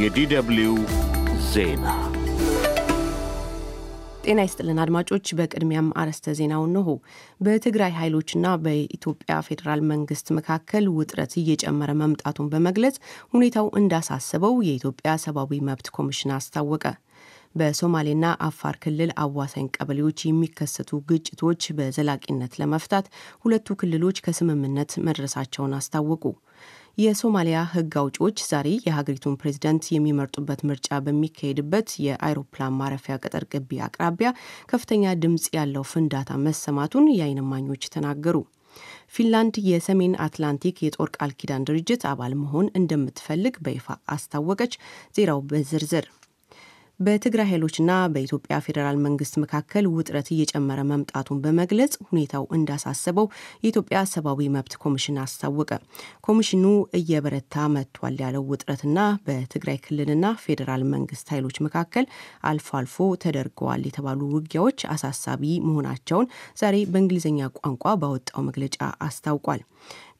የዲደብልዩ ዜና ጤና ይስጥልን አድማጮች፣ በቅድሚያም አረስተ ዜናው ነሆ በትግራይ ኃይሎችና በኢትዮጵያ ፌዴራል መንግስት መካከል ውጥረት እየጨመረ መምጣቱን በመግለጽ ሁኔታው እንዳሳሰበው የኢትዮጵያ ሰብአዊ መብት ኮሚሽን አስታወቀ። በሶማሌና አፋር ክልል አዋሳኝ ቀበሌዎች የሚከሰቱ ግጭቶች በዘላቂነት ለመፍታት ሁለቱ ክልሎች ከስምምነት መድረሳቸውን አስታወቁ። የሶማሊያ ህግ አውጪዎች ዛሬ የሀገሪቱን ፕሬዚደንት የሚመርጡበት ምርጫ በሚካሄድበት የአይሮፕላን ማረፊያ ቅጥር ግቢ አቅራቢያ ከፍተኛ ድምፅ ያለው ፍንዳታ መሰማቱን የአይንማኞች ተናገሩ። ፊንላንድ የሰሜን አትላንቲክ የጦር ቃል ኪዳን ድርጅት አባል መሆን እንደምትፈልግ በይፋ አስታወቀች። ዜናው በዝርዝር በትግራይ ኃይሎችና በኢትዮጵያ ፌዴራል መንግስት መካከል ውጥረት እየጨመረ መምጣቱን በመግለጽ ሁኔታው እንዳሳሰበው የኢትዮጵያ ሰብአዊ መብት ኮሚሽን አስታወቀ። ኮሚሽኑ እየበረታ መጥቷል ያለው ውጥረትና በትግራይ ክልልና ፌዴራል መንግስት ኃይሎች መካከል አልፎ አልፎ ተደርገዋል የተባሉ ውጊያዎች አሳሳቢ መሆናቸውን ዛሬ በእንግሊዝኛ ቋንቋ ባወጣው መግለጫ አስታውቋል።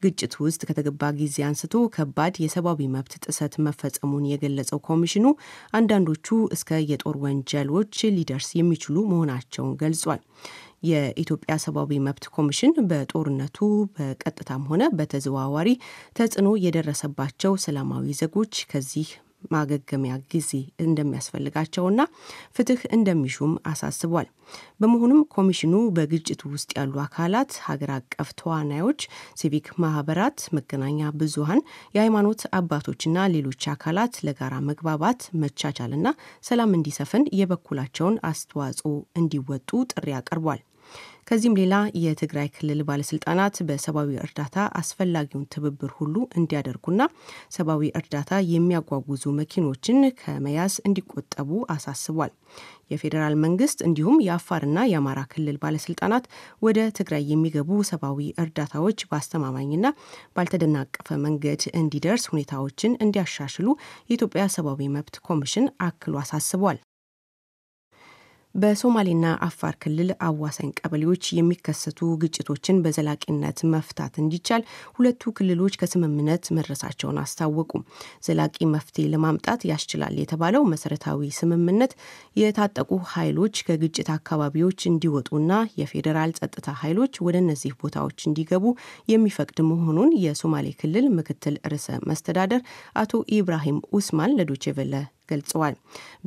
ግጭት ውስጥ ከተገባ ጊዜ አንስቶ ከባድ የሰብአዊ መብት ጥሰት መፈጸሙን የገለጸው ኮሚሽኑ አንዳንዶቹ እስከ የጦር ወንጀሎች ሊደርስ የሚችሉ መሆናቸውን ገልጿል። የኢትዮጵያ ሰብአዊ መብት ኮሚሽን በጦርነቱ በቀጥታም ሆነ በተዘዋዋሪ ተጽዕኖ የደረሰባቸው ሰላማዊ ዜጎች ከዚህ ማገገሚያ ጊዜ እንደሚያስፈልጋቸውና ፍትህ እንደሚሹም አሳስቧል። በመሆኑም ኮሚሽኑ በግጭቱ ውስጥ ያሉ አካላት፣ ሀገር አቀፍ ተዋናዮች፣ ሲቪክ ማህበራት፣ መገናኛ ብዙሃን፣ የሃይማኖት አባቶችና ሌሎች አካላት ለጋራ መግባባት መቻቻልና ሰላም እንዲሰፍን የበኩላቸውን አስተዋጽኦ እንዲወጡ ጥሪ አቅርቧል። ከዚህም ሌላ የትግራይ ክልል ባለስልጣናት በሰብአዊ እርዳታ አስፈላጊውን ትብብር ሁሉ እንዲያደርጉና ሰብአዊ እርዳታ የሚያጓጉዙ መኪኖችን ከመያዝ እንዲቆጠቡ አሳስቧል። የፌዴራል መንግስት እንዲሁም የአፋርና የአማራ ክልል ባለስልጣናት ወደ ትግራይ የሚገቡ ሰብአዊ እርዳታዎች በአስተማማኝና ባልተደናቀፈ መንገድ እንዲደርስ ሁኔታዎችን እንዲያሻሽሉ የኢትዮጵያ ሰብአዊ መብት ኮሚሽን አክሎ አሳስቧል። በሶማሌና አፋር ክልል አዋሳኝ ቀበሌዎች የሚከሰቱ ግጭቶችን በዘላቂነት መፍታት እንዲቻል ሁለቱ ክልሎች ከስምምነት መድረሳቸውን አስታወቁ። ዘላቂ መፍትሄ ለማምጣት ያስችላል የተባለው መሰረታዊ ስምምነት የታጠቁ ኃይሎች ከግጭት አካባቢዎች እንዲወጡና የፌዴራል ጸጥታ ኃይሎች ወደ እነዚህ ቦታዎች እንዲገቡ የሚፈቅድ መሆኑን የሶማሌ ክልል ምክትል ርዕሰ መስተዳደር አቶ ኢብራሂም ኡስማን ለዶቼ ገልጸዋል።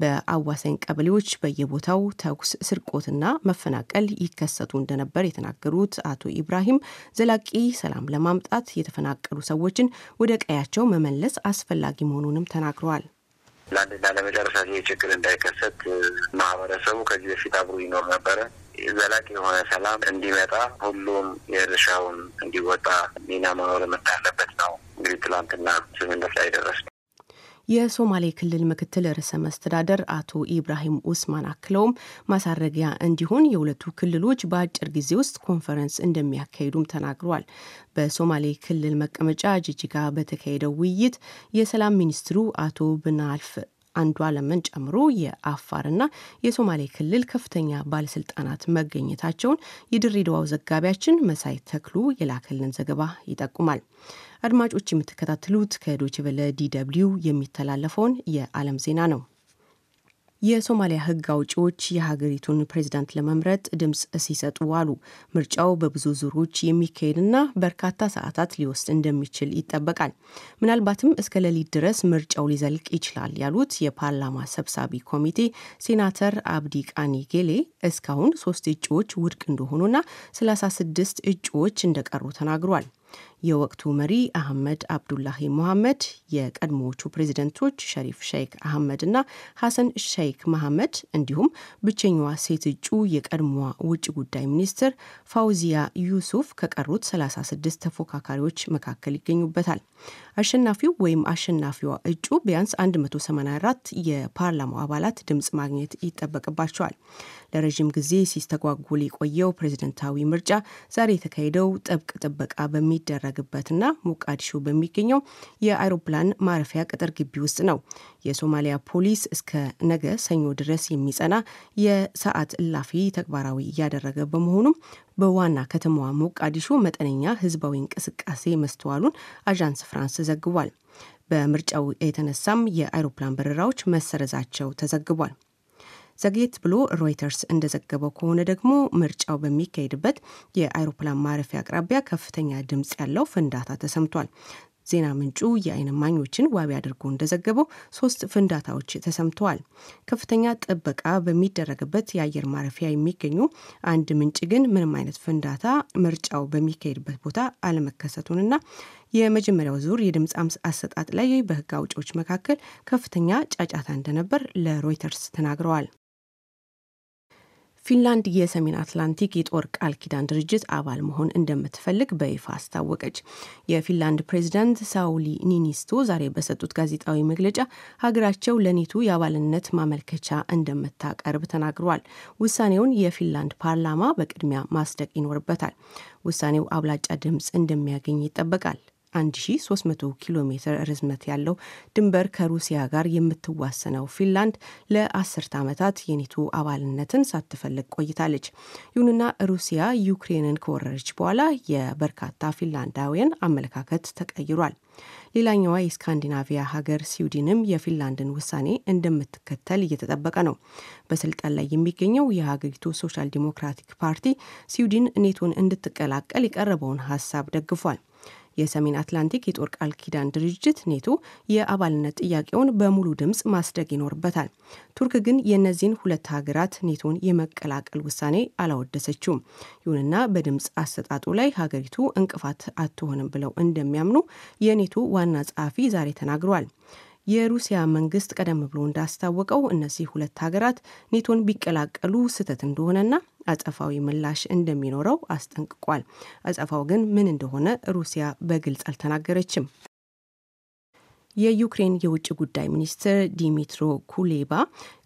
በአዋሳኝ ቀበሌዎች በየቦታው ተኩስ፣ ስርቆትና መፈናቀል ይከሰቱ እንደነበር የተናገሩት አቶ ኢብራሂም ዘላቂ ሰላም ለማምጣት የተፈናቀሉ ሰዎችን ወደ ቀያቸው መመለስ አስፈላጊ መሆኑንም ተናግረዋል። ለአንድና ለመጨረሻ ጊዜ ችግር እንዳይከሰት ማህበረሰቡ ከዚህ በፊት አብሮ ይኖር ነበረ። ዘላቂ የሆነ ሰላም እንዲመጣ ሁሉም የድርሻውን እንዲወጣ ሚና መኖር የምታለበት ነው። እንግዲህ ትላንትና ስምምነት ላይ ደረስ የሶማሌ ክልል ምክትል ርዕሰ መስተዳደር አቶ ኢብራሂም ኡስማን አክለውም ማሳረጊያ እንዲሆን የሁለቱ ክልሎች በአጭር ጊዜ ውስጥ ኮንፈረንስ እንደሚያካሂዱም ተናግረዋል። በሶማሌ ክልል መቀመጫ ጅጅጋ በተካሄደው ውይይት የሰላም ሚኒስትሩ አቶ ብናልፍ አንዱ አለምን ጨምሮ የአፋርና የሶማሌ ክልል ከፍተኛ ባለስልጣናት መገኘታቸውን የድሬዳዋው ዘጋቢያችን መሳይ ተክሉ የላከልን ዘገባ ይጠቁማል። አድማጮች የምትከታተሉት ከዶችቨለ ዲደብልዩ የሚተላለፈውን የዓለም ዜና ነው። የሶማሊያ ሕግ አውጪዎች የሀገሪቱን ፕሬዚዳንት ለመምረጥ ድምፅ ሲሰጡ አሉ። ምርጫው በብዙ ዙሮች የሚካሄድና በርካታ ሰዓታት ሊወስድ እንደሚችል ይጠበቃል። ምናልባትም እስከ ሌሊት ድረስ ምርጫው ሊዘልቅ ይችላል ያሉት የፓርላማ ሰብሳቢ ኮሚቴ ሴናተር አብዲ ቃኒ ጌሌ እስካሁን ሶስት እጩዎች ውድቅ እንደሆኑና 36 እጩዎች እንደቀሩ ተናግሯል። የወቅቱ መሪ አህመድ አብዱላሂ ሙሐመድ የቀድሞዎቹ ፕሬዚደንቶች ሸሪፍ ሼክ አህመድ እና ሐሰን ሼክ መሐመድ እንዲሁም ብቸኛዋ ሴት እጩ የቀድሞዋ ውጭ ጉዳይ ሚኒስትር ፋውዚያ ዩሱፍ ከቀሩት 36 ተፎካካሪዎች መካከል ይገኙበታል። አሸናፊው ወይም አሸናፊዋ እጩ ቢያንስ 184 የፓርላማው አባላት ድምፅ ማግኘት ይጠበቅባቸዋል። ለረዥም ጊዜ ሲስተጓጉል የቆየው ፕሬዝደንታዊ ምርጫ ዛሬ የተካሄደው ጥብቅ ጥበቃ በሚደረግ በሚደረግበትና ሞቃዲሾ በሚገኘው የአውሮፕላን ማረፊያ ቅጥር ግቢ ውስጥ ነው። የሶማሊያ ፖሊስ እስከ ነገ ሰኞ ድረስ የሚጸና የሰዓት እላፊ ተግባራዊ እያደረገ በመሆኑም በዋና ከተማዋ ሞቃዲሾ መጠነኛ ህዝባዊ እንቅስቃሴ መስተዋሉን አዣንስ ፍራንስ ዘግቧል። በምርጫው የተነሳም የአውሮፕላን በረራዎች መሰረዛቸው ተዘግቧል። ዘግየት ብሎ ሮይተርስ እንደዘገበው ከሆነ ደግሞ ምርጫው በሚካሄድበት የአውሮፕላን ማረፊያ አቅራቢያ ከፍተኛ ድምፅ ያለው ፍንዳታ ተሰምቷል። ዜና ምንጩ የዓይን ማኞችን ዋቢ አድርጎ እንደዘገበው ሶስት ፍንዳታዎች ተሰምተዋል። ከፍተኛ ጥበቃ በሚደረግበት የአየር ማረፊያ የሚገኙ አንድ ምንጭ ግን ምንም አይነት ፍንዳታ ምርጫው በሚካሄድበት ቦታ አለመከሰቱንና የመጀመሪያው ዙር የድምፅ አምስ አሰጣጥ ላይ በሕግ አውጪዎች መካከል ከፍተኛ ጫጫታ እንደነበር ለሮይተርስ ተናግረዋል። ፊንላንድ የሰሜን አትላንቲክ የጦር ቃል ኪዳን ድርጅት አባል መሆን እንደምትፈልግ በይፋ አስታወቀች። የፊንላንድ ፕሬዚዳንት ሳውሊ ኒኒስቶ ዛሬ በሰጡት ጋዜጣዊ መግለጫ ሀገራቸው ለኔቱ የአባልነት ማመልከቻ እንደምታቀርብ ተናግረዋል። ውሳኔውን የፊንላንድ ፓርላማ በቅድሚያ ማስደቅ ይኖርበታል። ውሳኔው አብላጫ ድምፅ እንደሚያገኝ ይጠበቃል። 1300 ኪሎ ሜትር ርዝመት ያለው ድንበር ከሩሲያ ጋር የምትዋሰነው ፊንላንድ ለአስርተ ዓመታት የኔቶ አባልነትን ሳትፈልግ ቆይታለች። ይሁንና ሩሲያ ዩክሬንን ከወረረች በኋላ የበርካታ ፊንላንዳውያን አመለካከት ተቀይሯል። ሌላኛዋ የስካንዲናቪያ ሀገር ስዊድንም የፊንላንድን ውሳኔ እንደምትከተል እየተጠበቀ ነው። በስልጣን ላይ የሚገኘው የሀገሪቱ ሶሻል ዲሞክራቲክ ፓርቲ ስዊድን ኔቶን እንድትቀላቀል የቀረበውን ሀሳብ ደግፏል። የሰሜን አትላንቲክ የጦር ቃል ኪዳን ድርጅት ኔቶ የአባልነት ጥያቄውን በሙሉ ድምፅ ማስደግ ይኖርበታል። ቱርክ ግን የእነዚህን ሁለት ሀገራት ኔቶን የመቀላቀል ውሳኔ አላወደሰችውም። ይሁንና በድምፅ አሰጣጡ ላይ ሀገሪቱ እንቅፋት አትሆንም ብለው እንደሚያምኑ የኔቶ ዋና ጸሐፊ ዛሬ ተናግረዋል። የሩሲያ መንግስት ቀደም ብሎ እንዳስታወቀው እነዚህ ሁለት ሀገራት ኔቶን ቢቀላቀሉ ስህተት እንደሆነና አጸፋዊ ምላሽ እንደሚኖረው አስጠንቅቋል። አጸፋው ግን ምን እንደሆነ ሩሲያ በግልጽ አልተናገረችም። የዩክሬን የውጭ ጉዳይ ሚኒስትር ዲሚትሮ ኩሌባ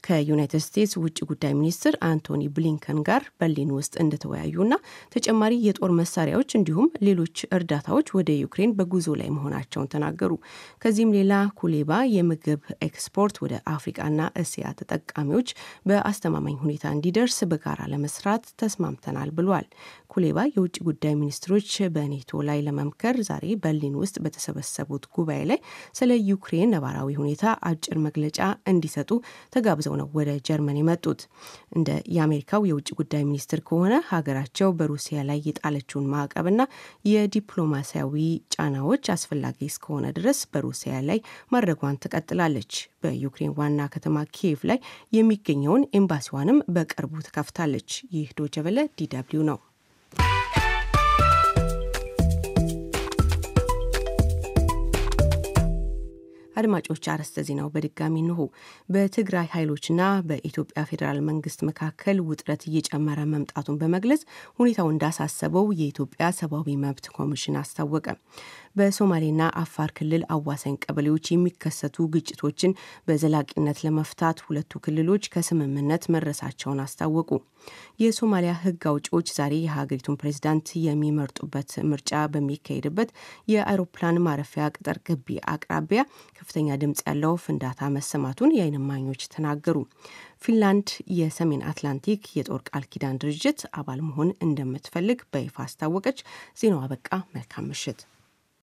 ከዩናይትድ ስቴትስ ውጭ ጉዳይ ሚኒስትር አንቶኒ ብሊንከን ጋር በርሊን ውስጥ እንደተወያዩና ተጨማሪ የጦር መሳሪያዎች እንዲሁም ሌሎች እርዳታዎች ወደ ዩክሬን በጉዞ ላይ መሆናቸውን ተናገሩ። ከዚህም ሌላ ኩሌባ የምግብ ኤክስፖርት ወደ አፍሪቃና እስያ ተጠቃሚዎች በአስተማማኝ ሁኔታ እንዲደርስ በጋራ ለመስራት ተስማምተናል ብሏል። ኩሌባ የውጭ ጉዳይ ሚኒስትሮች በኔቶ ላይ ለመምከር ዛሬ በርሊን ውስጥ በተሰበሰቡት ጉባኤ ላይ ስለ ዩክሬን ነባራዊ ሁኔታ አጭር መግለጫ እንዲሰጡ ተጋብዘው ይዘው ነው ወደ ጀርመን የመጡት። እንደ የአሜሪካው የውጭ ጉዳይ ሚኒስትር ከሆነ ሀገራቸው በሩሲያ ላይ የጣለችውን ማዕቀብና የዲፕሎማሲያዊ ጫናዎች አስፈላጊ እስከሆነ ድረስ በሩሲያ ላይ ማድረጓን ትቀጥላለች። በዩክሬን ዋና ከተማ ኪየቭ ላይ የሚገኘውን ኤምባሲዋንም በቅርቡ ትከፍታለች። ይህ ዶቸበለ ዲ ነው። አድማጮች አርዕስተ ዜናው በድጋሚ እንሆ። በትግራይ ኃይሎችና በኢትዮጵያ ፌዴራል መንግስት መካከል ውጥረት እየጨመረ መምጣቱን በመግለጽ ሁኔታው እንዳሳሰበው የኢትዮጵያ ሰብአዊ መብት ኮሚሽን አስታወቀ። በሶማሌና አፋር ክልል አዋሳኝ ቀበሌዎች የሚከሰቱ ግጭቶችን በዘላቂነት ለመፍታት ሁለቱ ክልሎች ከስምምነት መድረሳቸውን አስታወቁ። የሶማሊያ ሕግ አውጪዎች ዛሬ የሀገሪቱን ፕሬዝዳንት የሚመርጡበት ምርጫ በሚካሄድበት የአውሮፕላን ማረፊያ ቅጥር ግቢ አቅራቢያ ከፍተኛ ድምፅ ያለው ፍንዳታ መሰማቱን የአይንማኞች እማኞች ተናገሩ። ፊንላንድ የሰሜን አትላንቲክ የጦር ቃል ኪዳን ድርጅት አባል መሆን እንደምትፈልግ በይፋ አስታወቀች። ዜናው አበቃ። መልካም ምሽት።